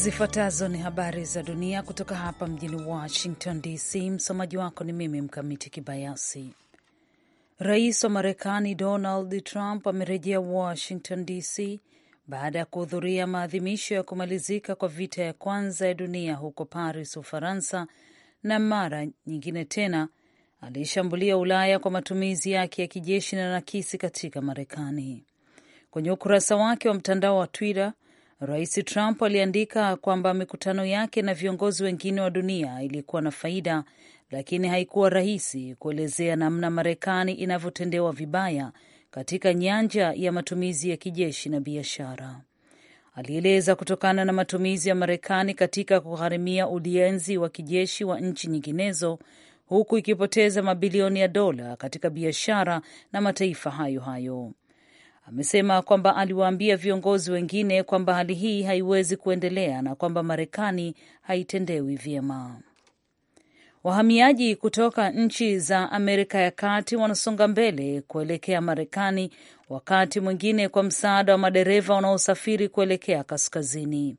Zifuatazo ni habari za dunia kutoka hapa mjini Washington DC. Msomaji wako ni mimi Mkamiti Kibayasi. Rais wa Marekani Donald Trump amerejea Washington DC baada ya kuhudhuria maadhimisho ya kumalizika kwa vita ya kwanza ya dunia huko Paris, Ufaransa, na mara nyingine tena alishambulia Ulaya kwa matumizi yake ya kijeshi na nakisi katika Marekani. Kwenye ukurasa wake wa mtandao wa Twitter, Rais Trump aliandika kwamba mikutano yake na viongozi wengine wa dunia ilikuwa na faida, lakini haikuwa rahisi kuelezea namna Marekani inavyotendewa vibaya katika nyanja ya matumizi ya kijeshi na biashara. Alieleza kutokana na matumizi ya Marekani katika kugharimia ulinzi wa kijeshi wa nchi nyinginezo, huku ikipoteza mabilioni ya dola katika biashara na mataifa hayo hayo amesema kwamba aliwaambia viongozi wengine kwamba hali hii haiwezi kuendelea na kwamba Marekani haitendewi vyema. Wahamiaji kutoka nchi za Amerika ya Kati wanasonga mbele kuelekea Marekani, wakati mwingine kwa msaada wa madereva wanaosafiri kuelekea kaskazini.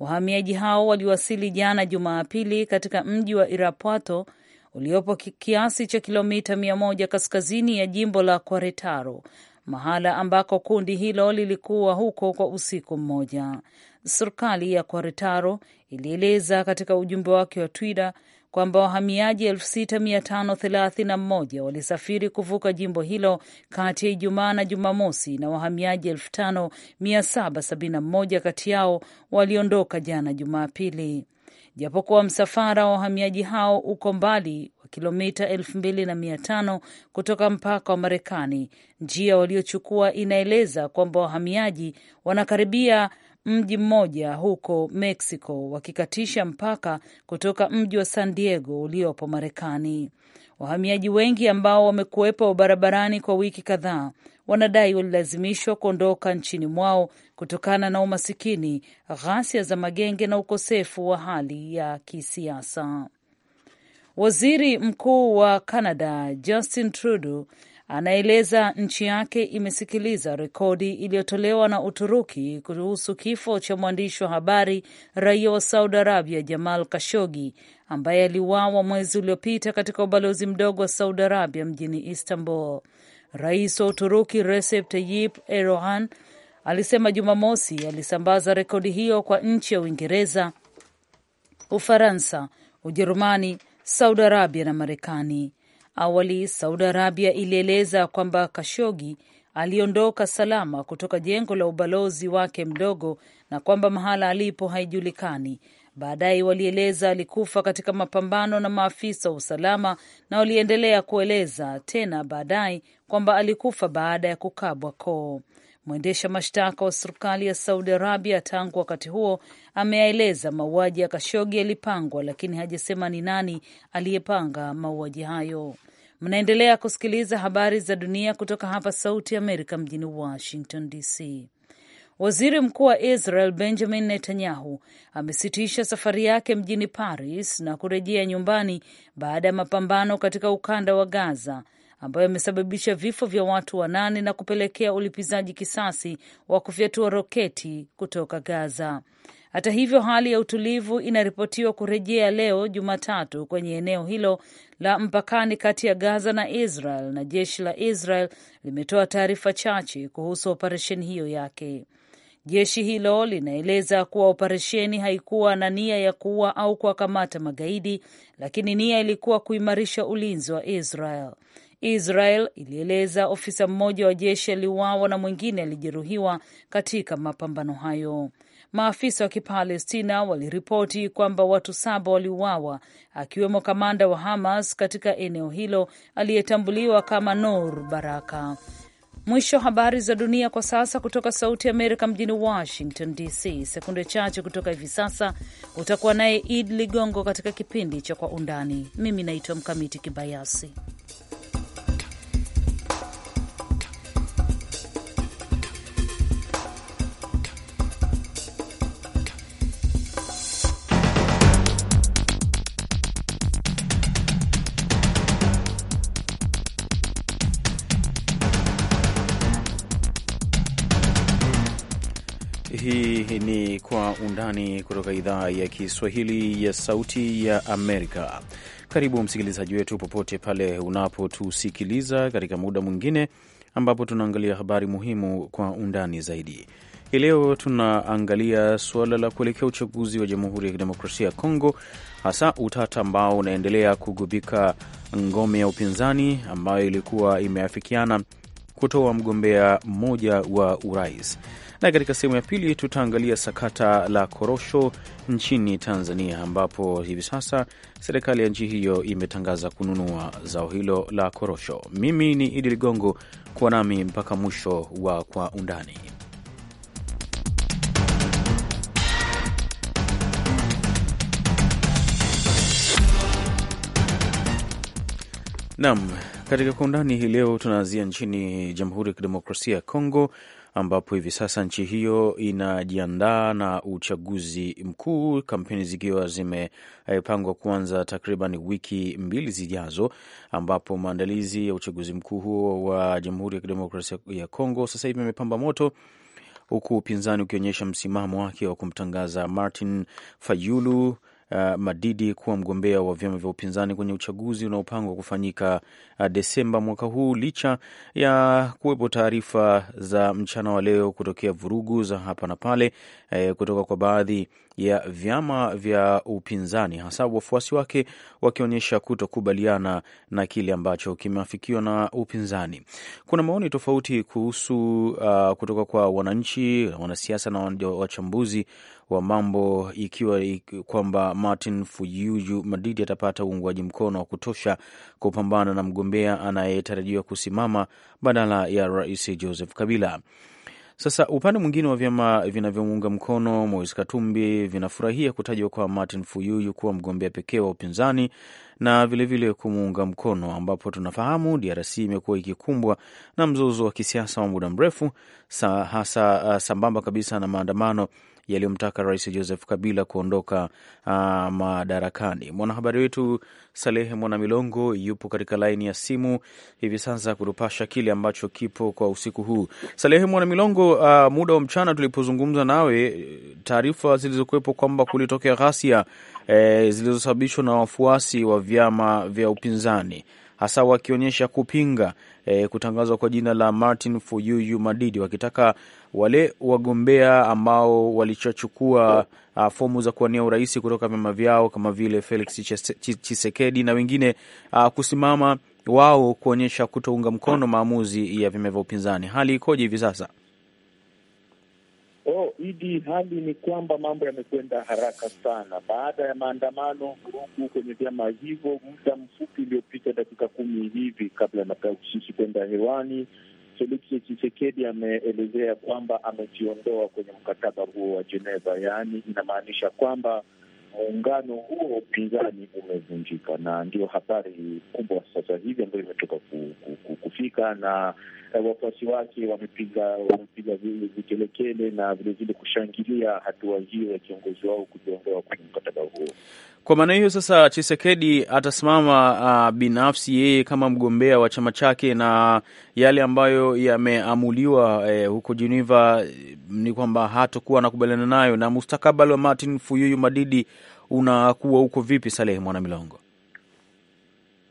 Wahamiaji hao waliwasili jana Jumapili katika mji wa Irapuato uliopo kiasi cha kilomita mia moja kaskazini ya jimbo la Queretaro mahala ambako kundi hilo lilikuwa huko kwa usiku mmoja. Serikali ya Kwaretaro ilieleza katika ujumbe wake wa Twitter kwamba wahamiaji 6531 walisafiri kuvuka jimbo hilo kati ya Ijumaa na Jumamosi, na wahamiaji 5771 kati yao waliondoka jana Jumapili. Japokuwa msafara wa wahamiaji hao uko mbali kilomita 25 kutoka mpaka wa Marekani. Njia waliochukua inaeleza kwamba wahamiaji wanakaribia mji mmoja huko Mexico wakikatisha mpaka kutoka mji wa San Diego uliopo Marekani. Wahamiaji wengi ambao wamekuwepo barabarani kwa wiki kadhaa wanadai walilazimishwa kuondoka nchini mwao kutokana na umasikini, ghasia za magenge na ukosefu wa hali ya kisiasa. Waziri Mkuu wa Canada Justin Trudeau anaeleza nchi yake imesikiliza rekodi iliyotolewa na Uturuki kuhusu kifo cha mwandishi wa habari raia wa Saudi Arabia Jamal Kashogi ambaye aliuawa mwezi uliopita katika ubalozi mdogo wa Saudi Arabia mjini Istanbul. Rais wa Uturuki Recep Tayyip Erdogan alisema Jumamosi alisambaza rekodi hiyo kwa nchi ya Uingereza, Ufaransa, Ujerumani, Saudi Arabia na Marekani. Awali Saudi Arabia ilieleza kwamba Kashogi aliondoka salama kutoka jengo la ubalozi wake mdogo na kwamba mahala alipo haijulikani. Baadaye walieleza alikufa katika mapambano na maafisa wa usalama, na waliendelea kueleza tena baadaye kwamba alikufa baada ya kukabwa koo. Mwendesha mashtaka wa serikali ya Saudi Arabia tangu wakati huo ameyaeleza mauaji ya Kashogi yalipangwa, lakini hajasema ni nani aliyepanga mauaji hayo. Mnaendelea kusikiliza habari za dunia kutoka hapa Sauti ya Amerika mjini Washington DC. Waziri mkuu wa Israel Benjamin Netanyahu amesitisha safari yake mjini Paris na kurejea nyumbani baada ya mapambano katika ukanda wa Gaza ambayo imesababisha vifo vya watu wanane na kupelekea ulipizaji kisasi wa kufyatua roketi kutoka Gaza. Hata hivyo, hali ya utulivu inaripotiwa kurejea leo Jumatatu kwenye eneo hilo la mpakani kati ya Gaza na Israel, na jeshi la Israel limetoa taarifa chache kuhusu operesheni hiyo yake. Jeshi hilo linaeleza kuwa operesheni haikuwa na nia ya kuua au kuwakamata magaidi, lakini nia ilikuwa kuimarisha ulinzi wa Israel. Israel ilieleza ofisa mmoja wa jeshi aliuawa na mwingine alijeruhiwa katika mapambano hayo. Maafisa wa Kipalestina waliripoti kwamba watu saba waliuawa akiwemo kamanda wa Hamas katika eneo hilo aliyetambuliwa kama Nur Baraka. Mwisho habari za dunia kwa sasa, kutoka Sauti Amerika mjini Washington DC. Sekunde chache kutoka hivi sasa utakuwa naye Id Ligongo katika kipindi cha Kwa Undani. Mimi naitwa Mkamiti Kibayasi. Undani kutoka idhaa ya Kiswahili ya Sauti ya Amerika. Karibu msikilizaji wetu popote pale unapotusikiliza katika muda mwingine ambapo tunaangalia habari muhimu kwa undani zaidi. Hii leo tunaangalia suala la kuelekea uchaguzi wa Jamhuri ya Kidemokrasia ya Kongo, hasa utata ambao unaendelea kugubika ngome ya upinzani ambayo ilikuwa imeafikiana kutoa mgombea mmoja wa urais. Na katika sehemu ya pili tutaangalia sakata la korosho nchini Tanzania, ambapo hivi sasa serikali ya nchi hiyo imetangaza kununua zao hilo la korosho. Mimi ni Idi Ligongo, kuwa nami mpaka mwisho wa Kwa Undani. Naam, katika kwa undani hii leo tunaanzia nchini Jamhuri ya Kidemokrasia ya Kongo ambapo hivi sasa nchi hiyo inajiandaa na uchaguzi mkuu, kampeni zikiwa zimepangwa kuanza takriban wiki mbili zijazo, ambapo maandalizi ya uchaguzi mkuu huo wa Jamhuri ya Kidemokrasia ya Kongo sasa hivi amepamba moto huku upinzani ukionyesha msimamo wake wa kumtangaza Martin Fayulu Uh, Madidi kuwa mgombea wa vyama vya upinzani kwenye uchaguzi unaopangwa kufanyika uh, Desemba mwaka huu licha ya kuwepo taarifa za mchana wa leo kutokea vurugu za hapa na pale eh, kutoka kwa baadhi ya vyama vya upinzani hasa wafuasi wake wakionyesha kutokubaliana na kile ambacho kimeafikiwa na upinzani. Kuna maoni tofauti kuhusu uh, kutoka kwa wananchi, wanasiasa na wachambuzi wa mambo, ikiwa kwamba Martin Fuyuju Madidi atapata uungwaji mkono wa kutosha kupambana na mgombea anayetarajiwa kusimama badala ya Rais Joseph Kabila. Sasa upande mwingine wa vyama vinavyomuunga mkono Moise Katumbi vinafurahia kutajwa kwa Martin Fuyuyu kuwa mgombea pekee wa upinzani na vilevile kumuunga mkono, ambapo tunafahamu DRC imekuwa ikikumbwa na mzozo wa kisiasa wa muda mrefu, hasa sambamba kabisa na maandamano yaliyomtaka Rais Joseph Kabila kuondoka uh, madarakani. Mwanahabari wetu Salehe Mwanamilongo yupo katika laini ya simu hivi sasa kutupasha kile ambacho kipo kwa usiku huu. Salehe Mwanamilongo, uh, muda wa mchana tulipozungumza nawe, taarifa zilizokuwepo kwamba kulitokea ghasia eh, zilizosababishwa na wafuasi wa vyama vya upinzani hasa wakionyesha kupinga eh, kutangazwa kwa jina la Martin Fayulu Madidi wakitaka wale wagombea ambao walichochukua uh, fomu za kuwania urais kutoka vyama vyao kama vile Felix Chisekedi na wengine uh, kusimama wao kuonyesha kutounga mkono maamuzi ya vyama vya upinzani. Hali ikoje hivi sasa? Oh, Idi, hali ni kwamba mambo yamekwenda haraka sana baada ya maandamano, vurugu kwenye vyama hivyo. Muda mfupi uliopita, dakika kumi hivi kabla ya mataa kwenda hewani Felix chisekedi ameelezea kwamba amejiondoa kwenye mkataba huo wa Geneva, yaani inamaanisha kwamba muungano huo wa upinzani umevunjika, na ndio habari kubwa sasa hivi ambayo imetoka ku, ku, ku, kufika na eh, wafuasi wake wamepiga wamepiga vikelekele na vilevile kushangilia hatua hiyo ya kiongozi wao kujiondoa kwenye mkataba huo. Kwa maana hiyo sasa Chisekedi atasimama uh, binafsi yeye kama mgombea wa chama chake, na yale ambayo yameamuliwa eh, huko Geneva eh, ni kwamba hatokuwa anakubaliana nayo, na mustakabali wa Martin Fuyuyu Madidi unakuwa uko vipi, Salehe Mwanamilongo?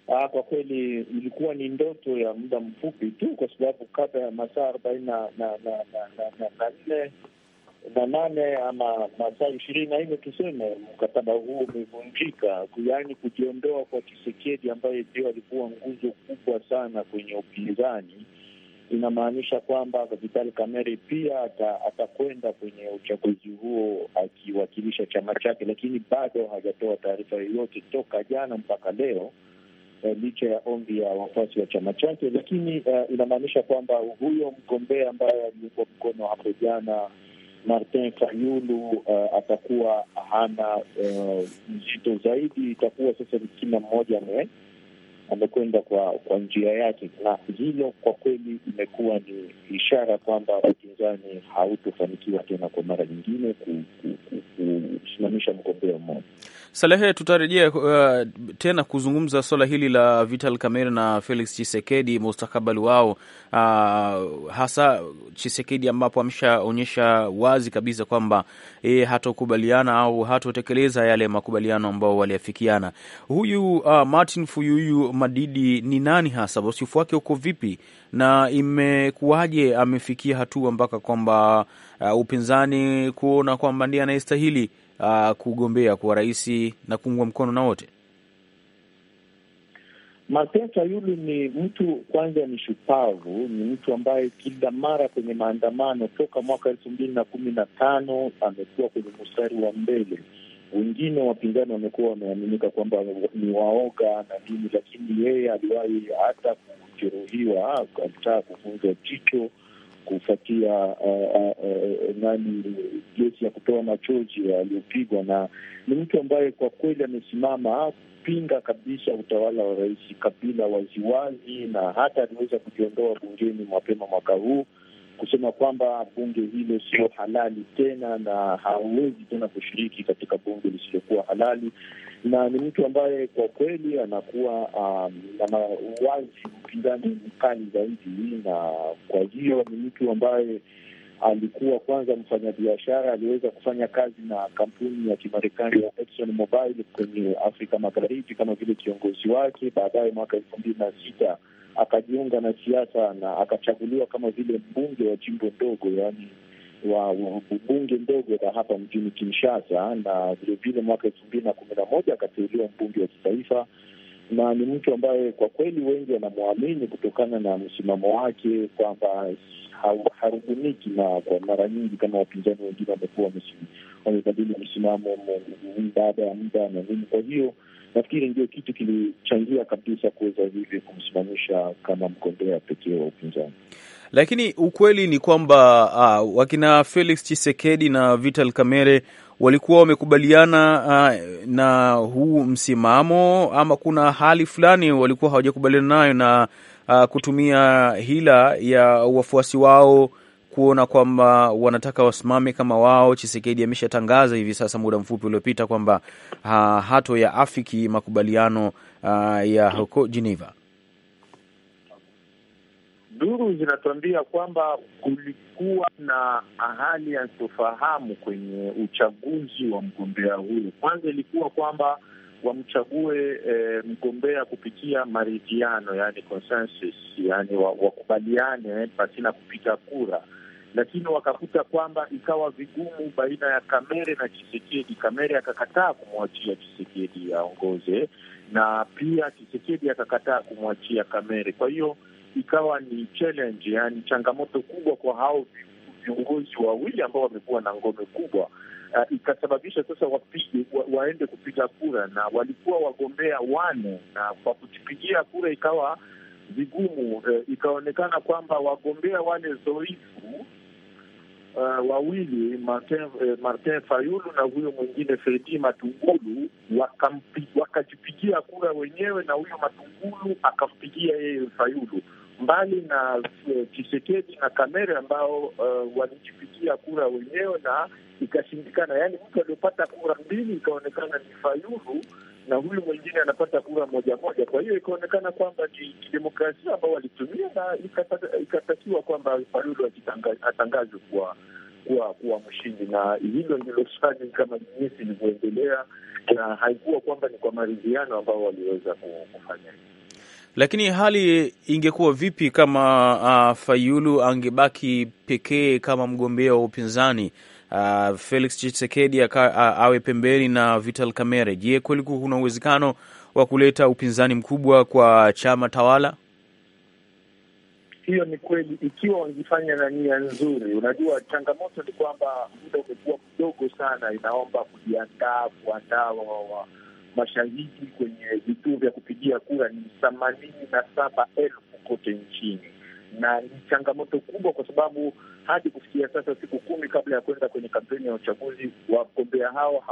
Aa, ah, kwa kweli ilikuwa ni ndoto ya muda mfupi tu, kwa sababu kabla ya masaa arobaini na nne na nane ama masaa ishirini na nne tuseme, mkataba huo umevunjika, yaani kujiondoa kwa kisekedi ambaye ndio alikuwa nguzo kubwa sana kwenye upinzani inamaanisha kwamba vital Kamere pia atakwenda ata kwenye uchaguzi huo akiwakilisha chama chake, lakini bado hajatoa taarifa yoyote toka jana mpaka leo eh, licha ya ombi ya wafuasi wa chama chake. Lakini uh, inamaanisha kwamba huyo mgombea ambaye aliungwa mkono hapo jana Martin Fayulu uh, atakuwa hana uh, mzito zaidi. Itakuwa sasa kila mmoja ame amekwenda kwa kwa njia yake, na hilo kwa kweli imekuwa ni ishara kwamba upinzani hautofanikiwa tena kwa mara nyingine kusimamisha mgombea mmoja. Salehe, tutarejea uh, tena kuzungumza swala hili la Vital Kamerhe na Felix Chisekedi, mustakabali wao, uh, hasa Chisekedi ambapo ameshaonyesha wazi kabisa kwamba yeye hatokubaliana au hatotekeleza yale makubaliano ambao waliafikiana. Huyu uh, Martin Fuyuyu Madidi Didi ni nani hasa, wasifu wake uko vipi na imekuwaje amefikia hatua mpaka kwamba uh, upinzani kuona kwamba ndiye anayestahili uh, kugombea kuwa rais na kuungwa mkono na wote? Martin Fayulu ni mtu kwanza, ni shupavu, ni mtu ambaye kila mara kwenye maandamano toka mwaka elfu mbili na kumi na tano amekuwa kwenye mstari wa mbele wengine wapinzani wamekuwa wameaminika kwamba ni waoga na nini, lakini yeye aliwahi hata kujeruhiwa, akataka kufunza jicho kufuatia uh, uh, uh, nani gesi ya kutoa machozi aliyopigwa, na ni mtu ambaye kwa kweli amesimama pinga kabisa utawala wa Rais Kabila waziwazi, na hata aliweza kujiondoa bungeni mapema mwaka huu kusema kwamba bunge hilo sio halali tena na hawezi tena kushiriki katika bunge lisilokuwa halali, na ni mtu ambaye kwa kweli anakuwa um, ana uwazi upinzani mkali zaidi, na kwa hiyo ni mtu ambaye alikuwa kwanza mfanyabiashara, aliweza kufanya kazi na kampuni ya Kimarekani ya Exxon Mobil kwenye Afrika Magharibi kama vile kiongozi wake. Baadaye mwaka elfu mbili na sita akajiunga na siasa na akachaguliwa kama vile mbunge wa jimbo ndogo, yani wa, bunge ndogo la hapa mjini Kinshasa, na vilevile mwaka elfu mbili na kumi na moja akateuliwa mbunge wa kitaifa, na ni mtu ambaye kwa kweli wengi wanamwamini kutokana na msimamo wake kwamba harubuniki na kwa mara nyingi kama wapinzani wengine wamekuwa wamebadili msimamo baada ya muda na nini, kwa hiyo Nafikiri ndio kitu kilichangia kabisa kuweza hivi kumsimamisha kama mgombea pekee wa upinzani. Lakini ukweli ni kwamba uh, wakina Felix chisekedi na Vital Kamerhe walikuwa wamekubaliana uh, na huu msimamo, ama kuna hali fulani walikuwa hawajakubaliana nayo na uh, kutumia hila ya wafuasi wao kuona kwamba wanataka wasimame kama wao. Chisekedi ameshatangaza hivi sasa muda mfupi uliopita kwamba ha, hato ya afiki makubaliano uh, ya huko Geneva. Duru zinatuambia kwamba kulikuwa na hali ya tofahamu kwenye uchaguzi wa mgombea huyo. Kwanza ilikuwa kwamba wamchague e, mgombea kupitia maridhiano, yani consensus, yani wakubaliane eh, pasina kupiga kura lakini wakakuta kwamba ikawa vigumu baina ya Kamere na Chisekedi. Kamere akakataa kumwachia Chisekedi aongoze, na pia Chisekedi akakataa kumwachia Kamere. Kwa hiyo ikawa ni challenge, yani changamoto kubwa kwa hao viongozi wawili ambao wamekuwa na ngome kubwa. Uh, ikasababisha sasa wapige wa, waende kupiga kura, na walikuwa wagombea wane, na kwa kujipigia kura ikawa vigumu. Uh, ikaonekana kwamba wagombea wale zoifu uh, wawili Martin, eh, Martin Fayulu na huyo mwingine Fredi Matungulu wakajipigia kura wenyewe, na huyo Matungulu akampigia yeye Fayulu, mbali na uh, na Kamere ambao uh, walijipigia kura wenyewe na ikashindikana. Yaani mtu aliopata kura mbili ikaonekana ni Fayulu na huyu mwingine anapata kura moja moja. Kwa hiyo ikaonekana kwamba ni kidemokrasia ambao walitumia, na ikatakiwa kwamba Fayulu atangazwe kuwa kuwa kuwa mshindi, na hilo ndilo swali kama jinsi ilivyoendelea, na haikuwa kwamba ni kwa maridhiano ambao waliweza kufanya hivi. Lakini hali ingekuwa vipi kama uh, Fayulu angebaki pekee kama mgombea wa upinzani uh, Felix Tshisekedi awe pembeni na Vital Kamerhe. Je, kweli kuna uwezekano wa kuleta upinzani mkubwa kwa chama tawala? Hiyo ni kweli, ikiwa wangifanya na nia nzuri. Unajua, changamoto ni kwamba muda umekuwa mdogo sana, inaomba kujiandaa, kuandaa wa mashahidi kwenye vituo vya kupigia kura ni themanini na saba elfu kote nchini, na ni changamoto kubwa kwa sababu hadi kufikia sasa, siku kumi kabla ya kwenda kwenye kampeni ya uchaguzi, wagombea hao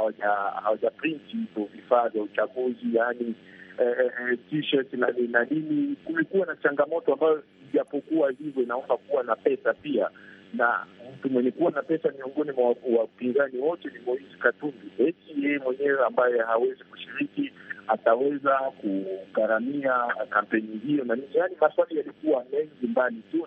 hawajaprinti hivyo vifaa vya uchaguzi, yaani eh, eh, eh, t-shirt na nini. Kumekuwa na changamoto ambayo, ijapokuwa hivyo, inaomba kuwa na pesa pia na mtu mwenye kuwa na pesa miongoni mwa wapinzani wote ni Moise Katumbi, eti yeye mwenyewe ambaye hawezi kushiriki ataweza kugharamia kampeni hiyo na nini. Yaani maswali yalikuwa mengi mbali tu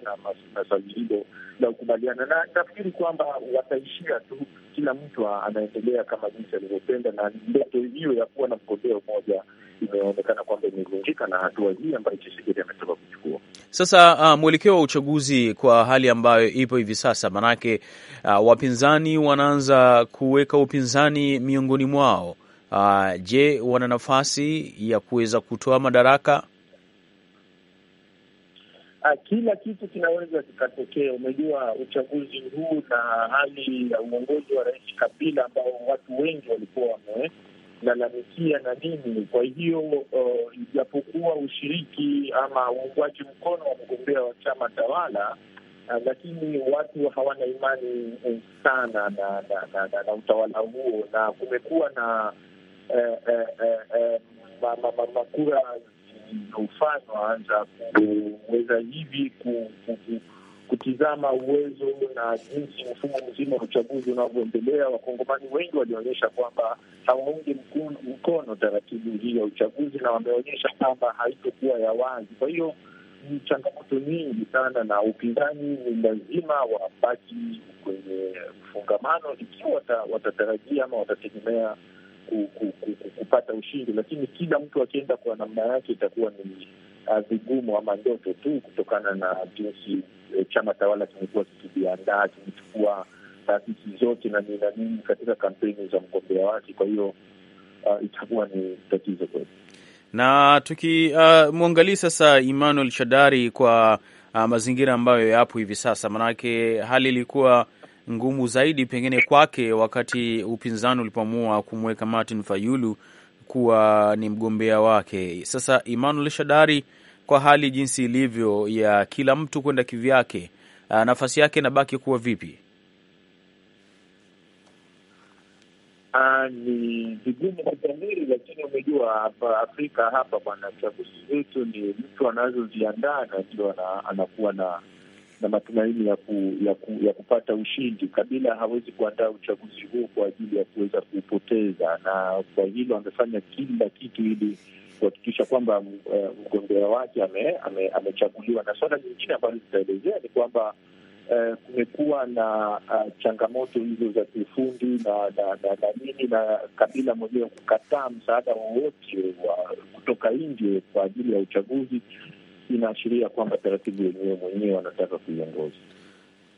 na swali hilo la ukubaliana, na nafikiri kwamba wataishia tu, kila mtu anaendelea kama jinsi alivyopenda, na ndoto hiyo ya kuwa na mgombea mmoja imeonekana kwamba imevunjika na hatua hii ambayo Tshisekedi ametoka kuchukua. Sasa uh, mwelekeo wa uchaguzi kwa hali ambayo ipo hivi sasa, maanake uh, wapinzani wanaanza kuweka upinzani miongoni mwao Uh, je, wana nafasi ya kuweza kutoa madaraka? Ah, kila kitu kinaweza kikatokea. Umejua uchaguzi huu na hali ya uongozi wa Rais Kabila ambao watu wengi walikuwa wamelalamikia na nini. Kwa hiyo oh, ijapokuwa uh, ushiriki ama uungwaji mkono wa mgombea wa chama tawala uh, lakini watu hawana imani sana na, na, na, na, na utawala huo na kumekuwa na makura zilizofanywa za kuweza hivi kutizama uwezo na jinsi mfumo mzima wa uchaguzi unavyoendelea. Wakongomani wengi walionyesha kwamba hawaungi mkono taratibu hii ya uchaguzi na wameonyesha kwamba haitokuwa ya wazi. Kwa hiyo ni changamoto nyingi sana, na upinzani ni lazima wabaki kwenye mfungamano ikiwa watatarajia ama watategemea ku, ku, ku, kupata ushindi, lakini kila mtu akienda kwa namna yake itakuwa ni ah, vigumu ama ndoto tu, kutokana na jinsi e, chama tawala kimekuwa kikijiandaa kimechukua taasisi zote na nini na nini katika kampeni za mgombea wake. Kwa hiyo uh, itakuwa ni tatizo kweli, na tukimwangalia ah, uh, sasa Emmanuel Shadari kwa uh, mazingira ambayo yapo hivi sasa, manake hali ilikuwa ngumu zaidi pengine kwake wakati upinzani ulipoamua kumweka Martin Fayulu kuwa ni mgombea wake. Sasa Emmanuel Shadari, kwa hali jinsi ilivyo ya kila mtu kwenda kivyake, ah, nafasi yake inabaki kuwa vipi? Ah, ni vigumu kutabiri, lakini umejua hapa Afrika hapa bwana, chaguzi zetu ni mtu anazoziandaa na ndio anakuwa na na matumaini ya, ku, ya, ku, ya kupata ushindi. Kabila hawezi kuandaa uchaguzi huo kwa ajili ya kuweza kuupoteza, na kwa hilo amefanya kila kitu ili kuhakikisha kwamba eh, mgombea wake amechaguliwa. Na suala lingine ambalo litaelezea ni kwamba Uh, kumekuwa na uh, changamoto hizo za kiufundi na na, na na nini na Kabila mwenyewe kukataa msaada wowote wa kutoka nje kwa ajili ya uchaguzi, inaashiria kwamba taratibu yenyewe mwenyewe wanataka kuiongoza.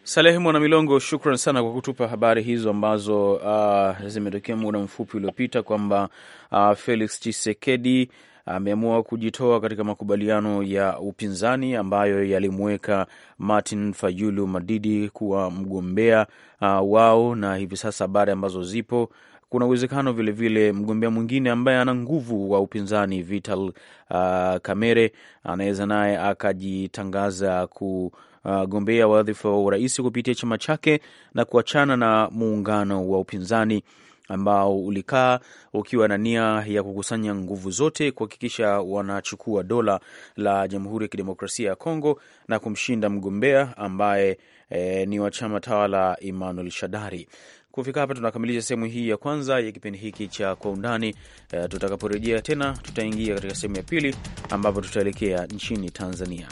Salehe Mwana Milongo, shukran sana kwa kutupa habari hizo ambazo uh, zimetokea muda mfupi uliopita kwamba uh, Felix chisekedi ameamua kujitoa katika makubaliano ya upinzani ambayo yalimweka Martin Fayulu Madidi kuwa mgombea uh, wao, na hivi sasa habari ambazo zipo kuna uwezekano vilevile mgombea mwingine ambaye ana nguvu wa upinzani Vital uh, Kamere anaweza naye akajitangaza ku Uh, gombea wadhifa wa urais kupitia chama chake na kuachana na muungano wa upinzani ambao ulikaa ukiwa na nia ya kukusanya nguvu zote kuhakikisha wanachukua dola la Jamhuri ya Kidemokrasia ya Kongo na kumshinda mgombea ambaye eh, ni wa chama tawala Emmanuel Shadari. Kufika hapa tunakamilisha sehemu hii ya kwanza ya kipindi hiki cha Kwa Undani. Eh, tutakaporejea tena tutaingia katika sehemu ya pili ambapo tutaelekea nchini Tanzania.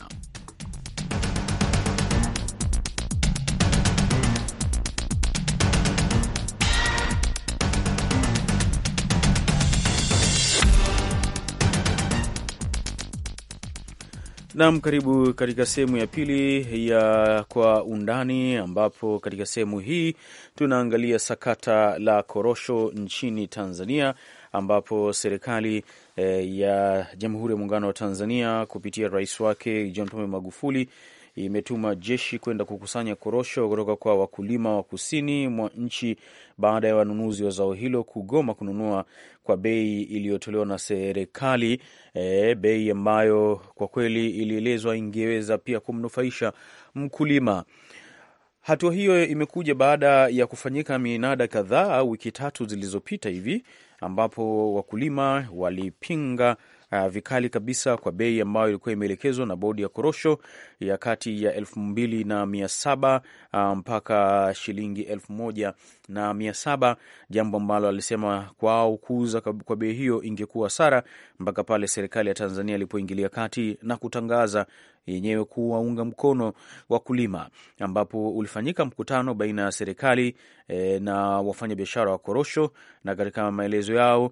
Nam, karibu katika sehemu ya pili ya Kwa Undani, ambapo katika sehemu hii tunaangalia sakata la korosho nchini Tanzania, ambapo serikali eh, ya Jamhuri ya Muungano wa Tanzania kupitia rais wake John Pombe Magufuli imetuma jeshi kwenda kukusanya korosho kutoka kwa wakulima wa kusini mwa nchi baada ya wanunuzi wa zao hilo kugoma kununua kwa bei iliyotolewa na serikali, e, bei ambayo kwa kweli ilielezwa ingeweza pia kumnufaisha mkulima. Hatua hiyo imekuja baada ya kufanyika minada kadhaa wiki tatu zilizopita hivi ambapo wakulima walipinga uh, vikali kabisa kwa bei ambayo ilikuwa imeelekezwa na bodi ya korosho ya kati ya elfu mbili na mia saba ah, mpaka shilingi elfu moja na mia saba jambo ambalo alisema kwao kuuza kwa bei hiyo ingekuwa sara mpaka pale serikali ya Tanzania ilipoingilia kati na kutangaza yenyewe kuwaunga mkono wakulima, ambapo ulifanyika mkutano baina ya serikali e, na wafanyabiashara wa korosho, na katika maelezo yao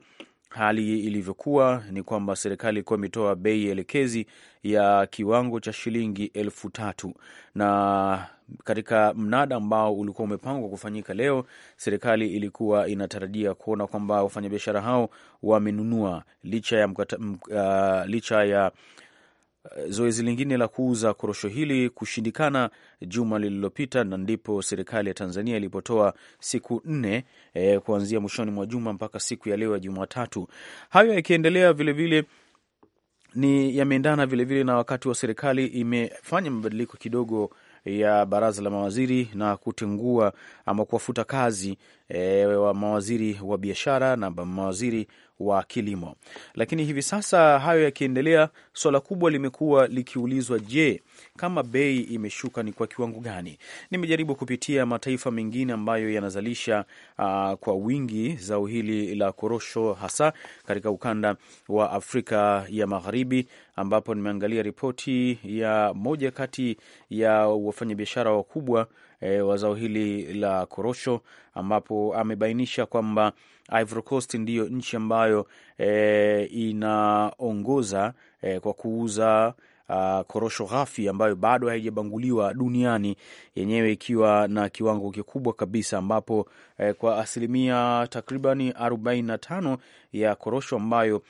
Hali ilivyokuwa ni kwamba serikali ilikuwa imetoa bei elekezi ya kiwango cha shilingi elfu tatu na katika mnada ambao ulikuwa umepangwa kufanyika leo, serikali ilikuwa inatarajia kuona kwamba wafanyabiashara hao wamenunua licha ya, mkata, uh, licha ya zoezi lingine la kuuza korosho hili kushindikana juma lililopita, na ndipo serikali ya Tanzania ilipotoa siku nne eh, kuanzia mwishoni mwa juma mpaka siku ya leo ya Jumatatu. Hayo yakiendelea vilevile ni yameendana vilevile na wakati wa serikali imefanya mabadiliko kidogo ya baraza la mawaziri na kutengua ama kuwafuta kazi e, wa mawaziri wa biashara na mawaziri wa kilimo. Lakini hivi sasa hayo yakiendelea, swala kubwa limekuwa likiulizwa, je, kama bei imeshuka ni kwa kiwango gani? Nimejaribu kupitia mataifa mengine ambayo yanazalisha uh, kwa wingi zao hili la korosho hasa katika ukanda wa Afrika ya Magharibi, ambapo nimeangalia ripoti ya moja kati ya wafanyabiashara wakubwa e, wa zao hili la korosho, ambapo amebainisha kwamba Ivory Coast ndiyo nchi ambayo e, inaongoza e, kwa kuuza Uh, korosho ghafi ambayo bado haijabanguliwa duniani, yenyewe ikiwa na kiwango kikubwa kabisa, ambapo e, kwa asilimia takribani 45 ya korosho ambayo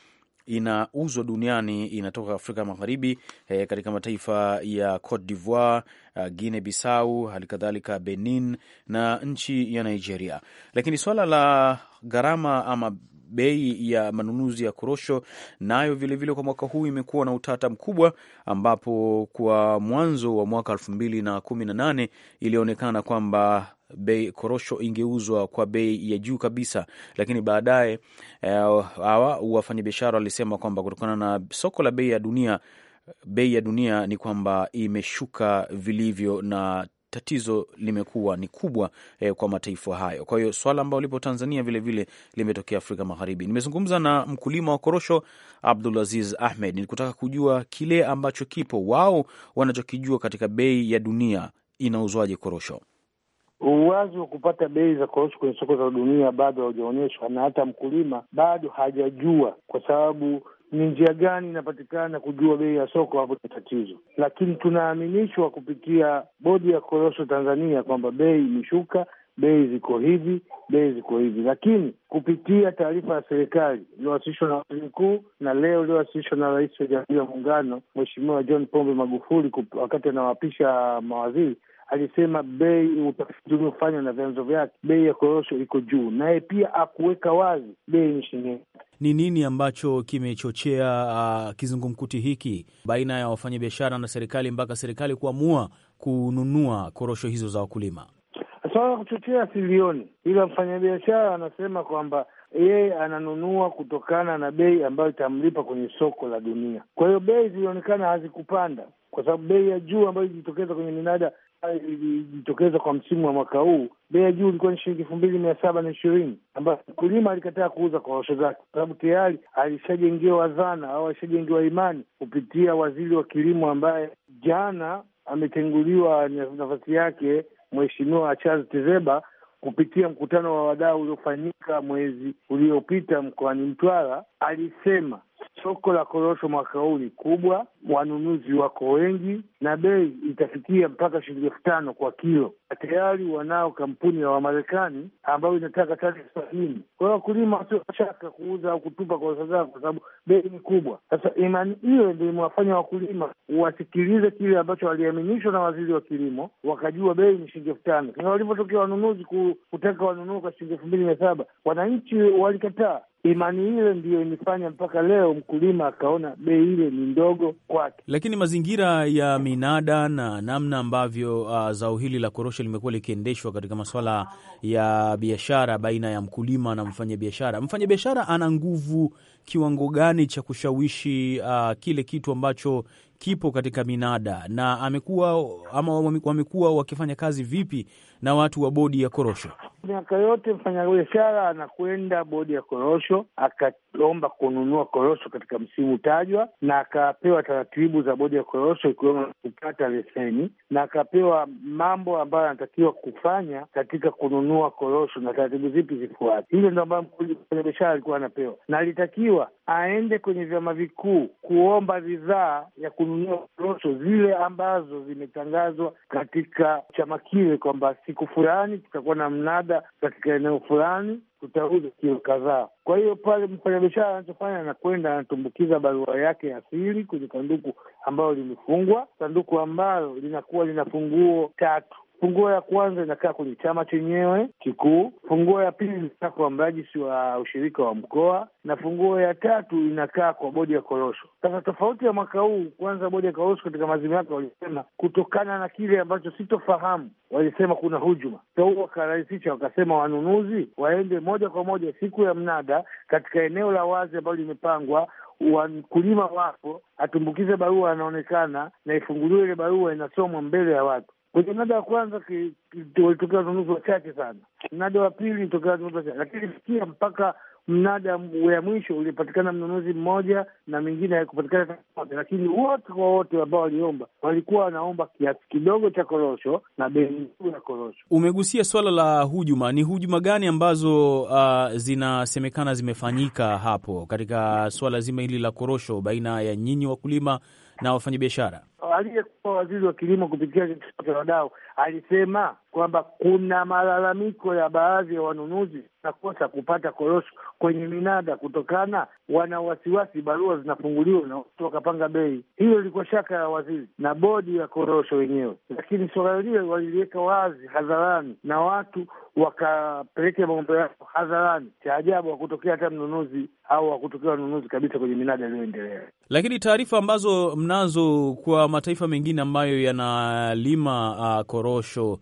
inauzwa duniani inatoka Afrika Magharibi e, katika mataifa ya Cote d'Ivoire, eh, guine Bissau, halikadhalika Benin na nchi ya Nigeria. Lakini swala la gharama ama bei ya manunuzi ya korosho nayo na vilevile kwa mwaka huu imekuwa na utata mkubwa, ambapo kwa mwanzo wa mwaka elfu mbili na kumi na nane ilionekana kwamba bei korosho ingeuzwa kwa bei ya juu kabisa, lakini baadaye eh, hawa uh, wafanyabiashara walisema kwamba kutokana na soko la bei ya dunia bei ya dunia ni kwamba imeshuka vilivyo, na tatizo limekuwa ni kubwa eh, kwa mataifa hayo. Kwa hiyo swala ambalo lipo Tanzania vilevile limetokea Afrika Magharibi. Nimezungumza na mkulima wa korosho Abdulaziz Ahmed, ni kutaka kujua kile ambacho kipo wao wanachokijua katika bei ya dunia inauzwaje korosho. Uwazi wa kupata bei za korosho kwenye soko za dunia bado haujaonyeshwa, na hata mkulima bado hajajua, kwa sababu ni njia gani inapatikana kujua bei ya soko, hapo ni tatizo. Lakini tunaaminishwa kupitia bodi ya korosho Tanzania kwamba bei imeshuka, bei ziko hivi, bei ziko hivi, lakini kupitia taarifa ya serikali iliyowasilishwa na waziri mkuu na leo iliyowasilishwa na Rais wa Jamhuri ya Muungano Mheshimiwa John Pombe Magufuli wakati anawapisha mawaziri alisema bei, utafiti uliofanywa na vyanzo vyake, bei ya korosho iko juu, naye pia akuweka wazi bei ni shilingi ni nini ambacho kimechochea uh, kizungumkuti hiki baina ya wafanyabiashara na serikali mpaka serikali kuamua kununua korosho hizo za wakulima? Swala la kuchochea silioni, ila mfanyabiashara anasema kwamba yeye ananunua kutokana na bei ambayo itamlipa kwenye soko la dunia. Kwa hiyo bei zilionekana hazikupanda, kwa sababu bei ya juu ambayo ilijitokeza kwenye minada ilijitokeza kwa msimu wa mwaka huu, bei ya juu ilikuwa ni shilingi elfu mbili mia saba na ishirini ambayo mkulima alikataa kuuza kwa osho zake, kwa sababu tayari alishajengewa dhana au alishajengewa imani kupitia waziri wa kilimo ambaye jana ametenguliwa nafasi yake Mheshimiwa Charles Tezeba kupitia mkutano wa wadau uliofanyika mwezi uliopita mkoani Mtwara, alisema Soko la korosho mwaka huu ni kubwa, wanunuzi wako wengi, na bei itafikia mpaka shilingi elfu tano kwa kilo. Tayari wanao kampuni ya Wamarekani ambayo inataka tani sabini. Kwa hiyo wakulima wasioshaka kuuza au kutupa korosho zao, kwa sababu bei ni kubwa. Sasa imani hiyo ndio imewafanya wakulima wasikilize kile ambacho waliaminishwa na waziri wa kilimo, wakajua bei ni shilingi elfu tano. Sasa walivyotokea wanunuzi kutaka wanunue kwa shilingi elfu mbili mia saba wananchi walikataa. Imani ile ndiyo imefanya mpaka leo mkulima akaona bei ile ni ndogo kwake. Lakini mazingira ya minada na namna ambavyo uh, zao hili la korosho limekuwa likiendeshwa katika masuala ya biashara baina ya mkulima na mfanyabiashara, mfanyabiashara ana nguvu kiwango gani cha kushawishi uh, kile kitu ambacho kipo katika minada na amekuwa ama wamekuwa wakifanya kazi vipi na watu wa bodi ya korosho? Miaka yote mfanyabiashara anakwenda bodi ya korosho, aliomba kununua korosho katika msimu tajwa na akapewa taratibu za bodi ya korosho ikiwemo kupata leseni na akapewa mambo ambayo anatakiwa kufanya katika kununua korosho na taratibu zipi zifuate. Hilo ndo ambayo mfanyabiashara alikuwa anapewa, na alitakiwa aende kwenye vyama vikuu kuomba ridhaa ya kununua korosho zile ambazo zimetangazwa katika chama kile kwamba siku fulani tutakuwa na mnada katika eneo fulani tutauza kilo kadhaa. Kwa hiyo pale mfanyabiashara anachofanya anakwenda anatumbukiza barua yake ya kwenye sanduku ambalo limefungwa, sanduku ambalo linakuwa lina funguo tatu. Funguo ya kwanza inakaa kwenye chama chenyewe kikuu, funguo ya pili inakaa kwa mrajisi wa ushirika wa mkoa, na funguo ya tatu inakaa kwa bodi ya korosho. Sasa tofauti ya mwaka huu, kwanza bodi ya korosho katika maazimio yake walisema kutokana na kile ambacho sitofahamu, walisema kuna hujuma so wakarahisisha, wakasema wanunuzi waende moja kwa moja siku ya mnada katika eneo la wazi ambalo limepangwa wakulima wapo, atumbukize barua, anaonekana na ifunguliwe ile barua, inasomwa mbele ya watu. Kwenye mnada wa kwanza walitokea wanunuzi wachache sana, mnada wa pili ulitokea wanunuzi wachache, lakini fikia mpaka mnada wa mwisho ulipatikana mnunuzi mmoja na mingine haikupatikana hata lakini wote kwa wote ambao waliomba walikuwa wanaomba kiasi kidogo cha korosho na bei nzuri ya korosho. Umegusia swala la hujuma, ni hujuma gani ambazo uh, zinasemekana zimefanyika hapo katika swala zima hili la korosho baina ya nyinyi wakulima na wafanyabiashara? aliyekuwa waziri wa kilimo kupitia kikao cha wadau alisema kwamba kuna malalamiko ya baadhi ya wanunuzi nakosa kupata korosho kwenye minada kutokana wana wasiwasi barua zinafunguliwa na watu wakapanga bei. Hiyo ilikuwa shaka ya waziri na bodi ya korosho wenyewe, lakini suala lile waliliweka wazi hadharani na watu wakapeleka maombe yao hadharani. Cha ajabu hakutokea hata mnunuzi au wakutokea wanunuzi kabisa kwenye minada iliyoendelea. Lakini taarifa ambazo mnazo kwa mataifa mengine ambayo yanalima uh, korosho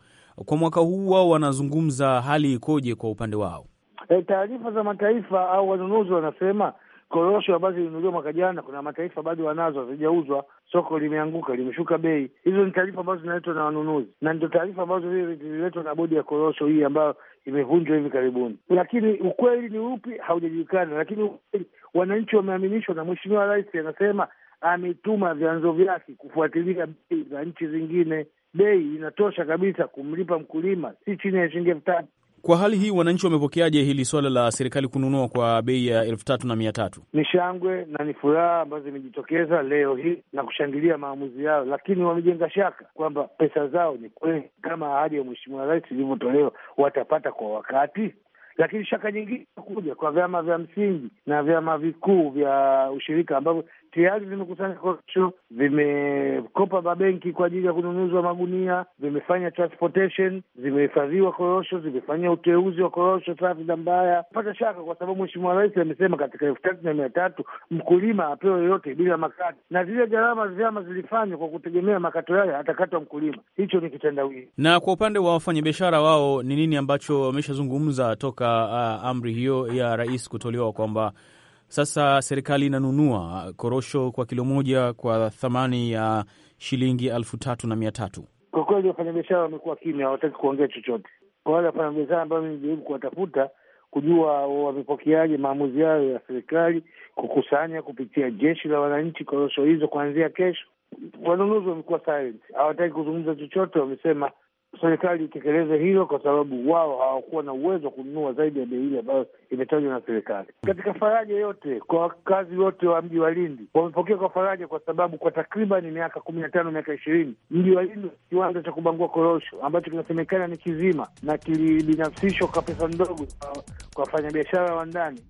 kwa mwaka huu, wao wanazungumza hali ikoje kwa upande wao? E, taarifa za mataifa au wanunuzi wanasema korosho ambazo ilinunuliwa mwaka jana, kuna mataifa bado wanazo hazijauzwa, soko limeanguka, limeshuka bei. Hizo ni taarifa ambazo zinaletwa na wanunuzi na ndio taarifa ambazo zililetwa na bodi ya korosho hii ambayo imevunjwa hivi karibuni, lakini ukweli ni upi haujajulikana. Lakini ukweli wananchi wameaminishwa na Mheshimiwa Rais anasema ametuma vyanzo vyake kufuatilia bei za nchi zingine. Bei inatosha kabisa kumlipa mkulima si chini ya shilingi elfu tatu. Kwa hali hii, wananchi wamepokeaje hili swala la serikali kununua kwa bei ya elfu tatu na mia tatu? Ni shangwe na ni furaha ambazo zimejitokeza leo hii na kushangilia maamuzi yao, lakini wamejenga shaka kwamba pesa zao ni kweli kama ahadi ya Mheshimiwa Rais ilivyotolewa watapata kwa wakati lakini shaka nyingine kuja kwa vyama vya msingi na vyama vikuu vya ushirika ambavyo tayari vimekusanya korosho, vimekopa mabenki kwa ajili ya kununuzwa magunia, vimefanya transportation, zimehifadhiwa korosho, zimefanyia uteuzi wa korosho safi na mbaya. Pata shaka kwa sababu Mheshimiwa Rais amesema katika elfu tatu na mia tatu mkulima apewe yoyote bila makato, na zile gharama vyama zilifanywa kwa kutegemea makato yale atakatwa mkulima. Hicho ni kitendawili. Na kwa upande wa wafanyabiashara, wao ni nini ambacho wameshazungumza toka uh, amri hiyo ya rais kutolewa kwamba sasa serikali inanunua korosho kwa kilo moja kwa thamani ya shilingi elfu tatu na mia tatu. Kwa kweli wafanyabiashara wamekuwa kimya, hawataki kuongea chochote. Kwa wale wafanyabiashara ambao nimejaribu kuwatafuta kujua wamepokeaje maamuzi yao ya serikali kukusanya kupitia jeshi la wananchi korosho hizo kuanzia kesho, wanunuzi wamekuwa silent, hawataki kuzungumza chochote. Wamesema serikali itekeleze hilo, kwa sababu wao hawakuwa na uwezo wa kununua zaidi ya bei ile ambayo imetajwa na serikali. Katika faraja yote kwa wakazi wote wa mji wa Lindi, wamepokea kwa faraja, kwa sababu kwa takribani miaka kumi na tano miaka ishirini mji wa Lindi kiwanda cha kubangua korosho ambacho kinasemekana ni kizima na kilibinafsishwa kwa pesa ndogo kwa wafanyabiashara wa ndani.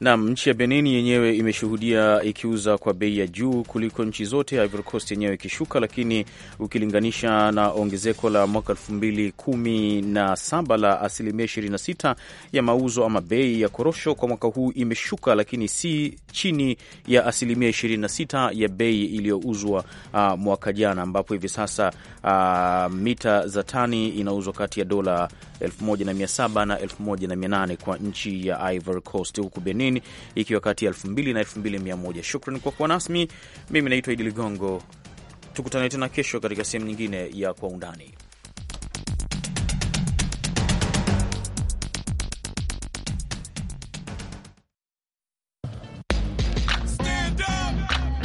Nam, nchi ya Benin yenyewe imeshuhudia ikiuza kwa bei ya juu kuliko nchi zote, Ivory Coast yenyewe ikishuka, lakini ukilinganisha na ongezeko la mwaka 2017 la asilimia 26 ya mauzo ama bei ya korosho kwa mwaka huu imeshuka, lakini si chini ya asilimia 26 ya bei iliyouzwa uh, mwaka jana, ambapo hivi sasa uh, mita za tani inauzwa kati ya dola 17 na 1800 kwa nchi ya Ivory Coast, huku Benin 80 ikiwa kati ya 2000 na 2100. Shukran kwa kuwa nasmi Mimi naitwa Idi Ligongo, tukutane tena kesho katika sehemu nyingine ya Kwa Undani.